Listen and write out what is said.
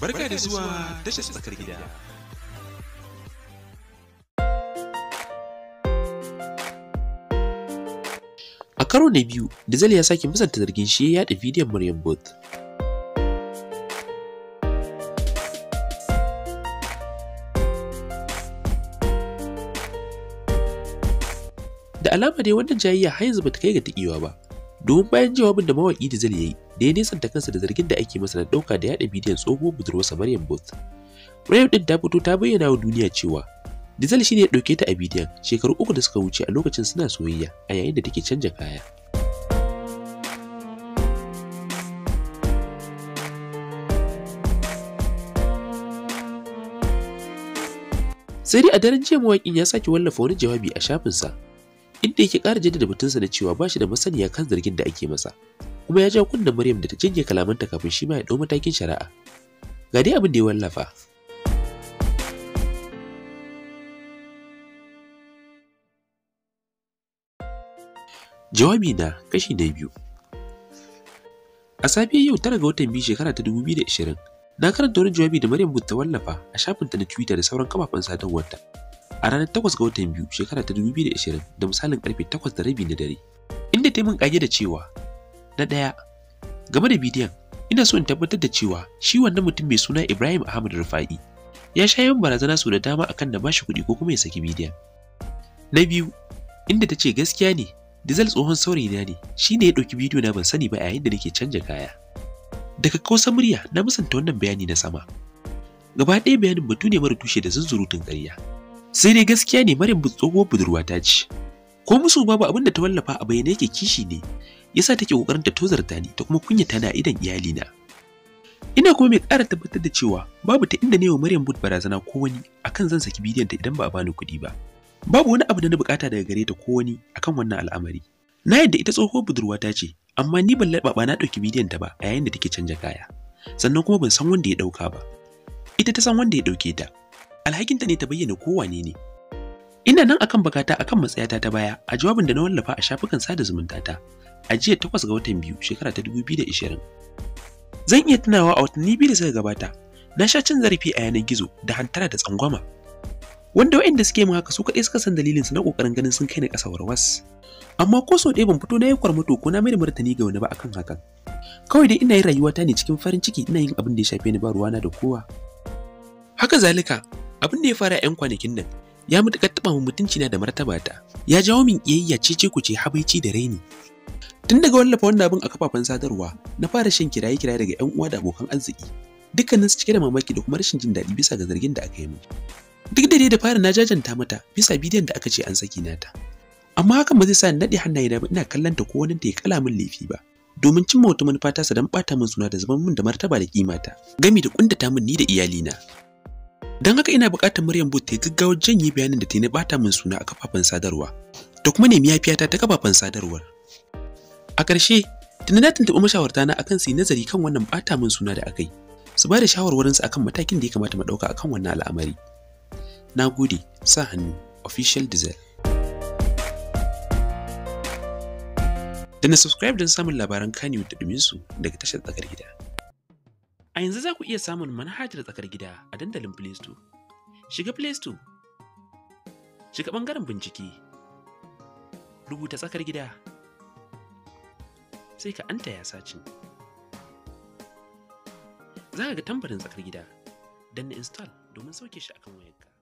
Barka da zuwa tashar tsakar gida. A karo na biyu, Dizel ya sake musanta zargin shi ya yaɗa bidiyon Maryam Booth. Da alama dai wannan jayayya har yanzu bata kai ga taƙiwa ba, domin bayan jawabin da mawaƙi Dizel ya yi, da ya kansa da zargin da ake masa na ɗauka da yaɗa bidiyon tsohuwar budurwarsa Maryam Booth. Rayu din ta fito ta bayyana wa duniya cewa Dizal shi ne ya ɗauke ta a bidiyon shekaru uku da suka wuce a lokacin suna soyayya a yayin da take canja kaya. Sai dai a daren jiya mawaƙin ya sake wallafa wani jawabi a shafinsa, inda yake ƙara jaddada batunsa na cewa ba shi da masaniya kan zargin da ake masa, kuma ya ja kunnen Maryam da ta canje kalamanta kafin shi ma ya ɗau matakin shari'a. Ga dai abin da ya wallafa. Jawabi na kashi na biyu. A safiyar yau tara ga watan biyu shekara ta na karanta wani jawabi da Maryam ta wallafa a shafinta na Twitter da sauran kafafen sadarwarta. A ranar takwas ga watan biyu shekara ta biyu da misalin karfe takwas da rabi na dare, inda ta yi min kage da cewa Na ɗaya, game da bidiyon, ina so in tabbatar da cewa shi wannan mutum mai suna Ibrahim Ahmad Rufa'i ya sha yawan barazana sau da dama akan da bashi kuɗi ko kuma ya saki bidiyon. Na biyu, inda ta ce gaskiya ne, Dizal tsohon saurayina ne, shi ne ya ɗauki bidiyo na ban sani ba yayin da nake canja kaya. Daga kosa murya na musanta wannan bayani na sama. Gaba ɗaya bayanin batu ne mara tushe da zunzurutun ƙarya. Sai dai gaskiya ne Maryam tsohuwar budurwa ta ce. ko musu babu abin da ta wallafa a bayyane yake kishi ne yasa take kokarin ta tozarta ni ta kuma kunyata na idan iyalina ina kuma mai ƙara tabbatar da cewa babu ta inda ne wa Maryam Bud barazana ko wani akan zan saki bidiyon ta idan ba a bani kuɗi ba babu wani abu da na bukata daga gare ta ko wani akan wannan al'amari na yadda ita tsohuwar ta ce amma ni ban laɓa na ɗauki bidiyon ta ba a yayin da take canja kaya sannan kuma ban san wanda ya ɗauka ba ita ta san wanda ya ɗauke ta alhakinta ne ta bayyana ko wane ne Ina nan akan bukata akan matsayata ta baya a jawabin da na wallafa a shafukan sada zumunta ta a jiya takwas ga watan biyu shekara ta 2020. Zan iya tunawa a watanni biyu da suka gabata na sha cin zarafi a yanar gizo da hantara da tsangwama. Wanda waɗanda suke min haka su kaɗai suka san dalilin su na ƙoƙarin ganin sun kai ni ƙasa warwas. Amma ko sau ɗaya ban fito na yi kwarmato ko na mai da martani ga wani ba akan hakan. Kawai dai ina yin rayuwata ne cikin farin ciki ina yin abin da ya shafe ni ba ruwana da kowa. Haka zalika abin da ya fara 'yan kwanakin nan ya mutukar taba mu mutunci na da martabata ya jawo min ce-ce ku ce habaici da raini tun daga wallafa wannan abin a kafafen sadarwa na fara shan kiraye kiraye daga yan uwa da abokan arziki dukkanin su cike da mamaki da kuma rashin jin daɗi bisa ga zargin da aka yi min duk da dai da fara na jajanta mata bisa bidiyon da aka ce an saki nata amma hakan ba zai sa ni naɗe hannaye na ina kallon ta ko wani ta ya kala min laifi ba domin cimma wata manufa ta don bata min suna da zaman mun da martaba da kimata gami da ƙuntata min ni da iyalina Don haka ina buƙatar Maryam Booth ta gaggawar janye bayanin da ta yi na bata min suna a kafafen sadarwa, da kuma nemi yafiyata ta kafafen sadarwar. A ƙarshe, tunda na tuntuɓi mashawarta na akan su yi nazari kan wannan bata min suna da aka yi, su ba da shawarwarinsu akan matakin da ya kamata mu ɗauka akan wannan al'amari. Na gode, sa hannu, official diesel. Da na subscribe don samun labaran Kanye da ɗuminsu daga tashar tsakar gida. A yanzu za ku iya samun manhajar tsakar gida a dandalin Play Store. Shiga Play Store, shiga ɓangaren bincike, rubuta tsakar gida, sai ka anta ya sacin. Za ka ga tambarin tsakar gida, danna install domin sauke shi akan wayarka.